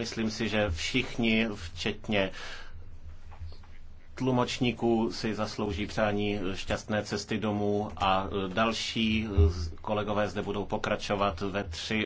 myslím si, že všichni, včetně tlumočníků si zaslouží přání šťastné cesty domů a další kolegové zde budou pokračovat ve tři